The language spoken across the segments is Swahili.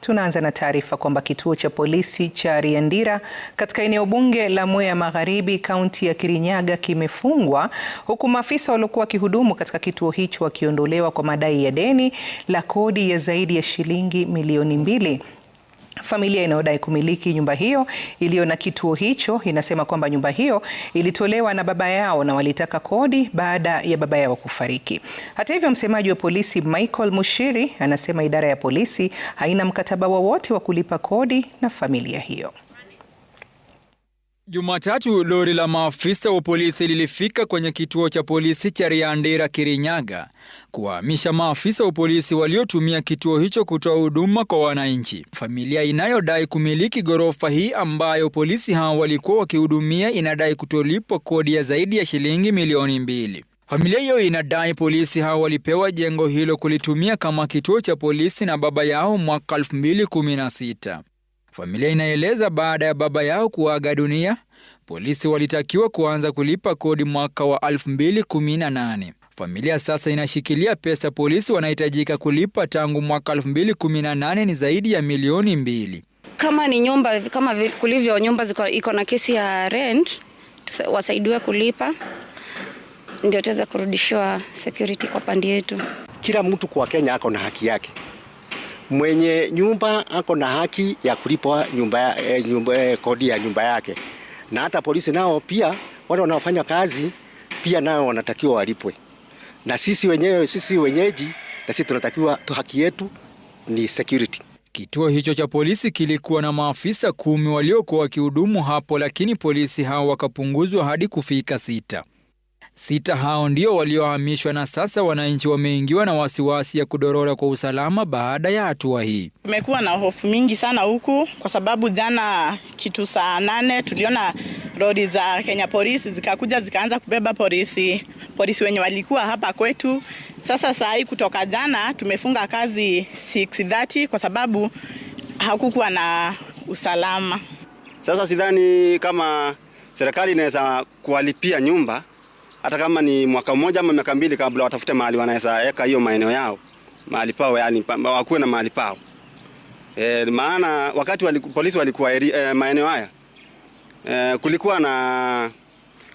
Tunaanza na taarifa kwamba kituo cha polisi cha Riandira katika eneo bunge la Mwea Magharibi, kaunti ya Kirinyaga kimefungwa huku maafisa waliokuwa wakihudumu katika kituo hicho wakiondolewa kwa madai ya deni la kodi ya zaidi ya shilingi milioni mbili. Familia inayodai kumiliki nyumba hiyo iliyo na kituo hicho inasema kwamba nyumba hiyo ilitolewa na baba yao na walitaka kodi baada ya baba yao kufariki. Hata hivyo, msemaji wa polisi Michael Mushiri anasema idara ya polisi haina mkataba wowote wa, wa kulipa kodi na familia hiyo. Jumatatu lori la maafisa wa polisi lilifika kwenye kituo cha polisi cha Riandera Kirinyaga kuwahamisha maafisa wa polisi waliotumia kituo hicho kutoa huduma kwa wananchi. Familia inayodai kumiliki ghorofa hii ambayo polisi hao walikuwa wakihudumia inadai kutolipwa kodi ya zaidi ya shilingi milioni mbili. Familia hiyo inadai polisi hao walipewa jengo hilo kulitumia kama kituo cha polisi na baba yao mwaka 2016. Familia inaeleza baada ya baba yao kuaga dunia, Polisi walitakiwa kuanza kulipa kodi mwaka wa 2018. Familia sasa inashikilia pesa polisi wanahitajika kulipa tangu mwaka 2018 ni zaidi ya milioni mbili. Kama ni nyumba, kama kulivyo nyumba iko na kesi ya rent, wasaidiwe kulipa ndio tuweza kurudishiwa security kwa pande yetu. Kila mtu kwa Kenya ako na haki yake. Mwenye nyumba ako na haki ya kulipa nyumba, eh, nyumba, eh, kodi ya nyumba yake na hata polisi nao pia wale wanaofanya kazi pia nao wanatakiwa walipwe, na sisi wenyewe, sisi wenyeji, na sisi tunatakiwa tu, haki yetu ni security. Kituo hicho cha polisi kilikuwa na maafisa kumi waliokuwa wakihudumu hapo, lakini polisi hao wakapunguzwa hadi kufika sita. Sita hao ndio waliohamishwa na sasa wananchi wameingiwa na wasiwasi ya kudorora kwa usalama baada ya hatua hii. Tumekuwa na hofu mingi sana huku kwa sababu jana kitu saa nane tuliona lori za Kenya polisi zikakuja zikaanza kubeba polisi polisi wenye walikuwa hapa kwetu. Sasa saa hii kutoka jana tumefunga kazi 6:30 kwa sababu hakukuwa na usalama. Sasa sidhani kama serikali inaweza kuwalipia nyumba hata kama ni mwaka mmoja ama miaka mbili, kabla watafute mahali wanaweza weka hiyo maeneo yao mahali pao, yani wakuwe na mahali pao e, maana wakati wali, polisi walikuwa e, maeneo haya e, kulikuwa na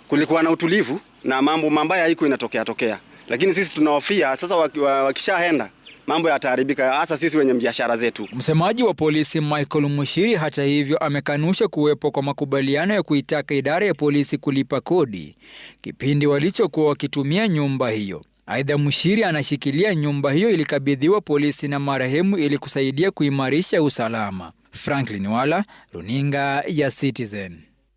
kulikuwa na utulivu na mambo mabaya haiku inatokea tokea, lakini sisi tunahofia sasa wakishaenda mambo yataharibika, hasa sisi wenye biashara zetu. Msemaji wa polisi Michael Mushiri, hata hivyo, amekanusha kuwepo kwa makubaliano ya kuitaka idara ya polisi kulipa kodi kipindi walichokuwa wakitumia nyumba hiyo. Aidha, Mushiri anashikilia nyumba hiyo ilikabidhiwa polisi na marehemu ili kusaidia kuimarisha usalama. Franklin Wala, runinga ya Citizen.